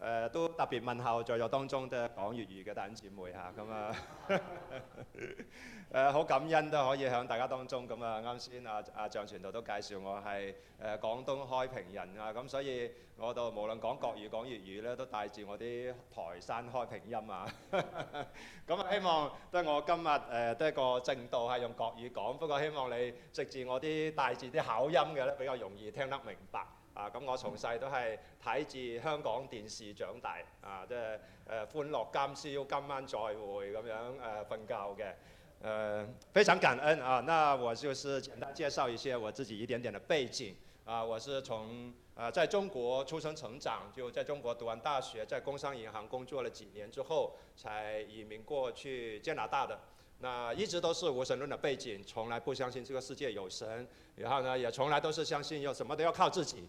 誒、呃、都特別問候在座當中的講粵語嘅弟兄姊妹嚇，咁啊誒好、啊啊、感恩都可以響大家當中，咁啊啱先啊，阿蔣傳道都介紹我係誒、啊、廣東開平人啊，咁所以我度無論講國語講粵語咧，都帶住我啲台山開平音啊，咁啊希望即係我今日誒都一個正道係用國語講，不過希望你識住我啲帶住啲口音嘅咧，比較容易聽得明白。啊，咁我從細都係睇住香港電視長大，啊，即係誒歡樂今宵今晚再會咁樣瞓覺嘅，非常感恩啊！那我就是簡單介紹一些我自己一點點的背景，啊，我是從啊在中國出生成長，就喺中國讀完大學，在工商銀行工作了幾年之後，才移民過去加拿大的。那一直都是無神論的背景，從來不相信這個世界有神，然後呢也從來都是相信要什麼都要靠自己。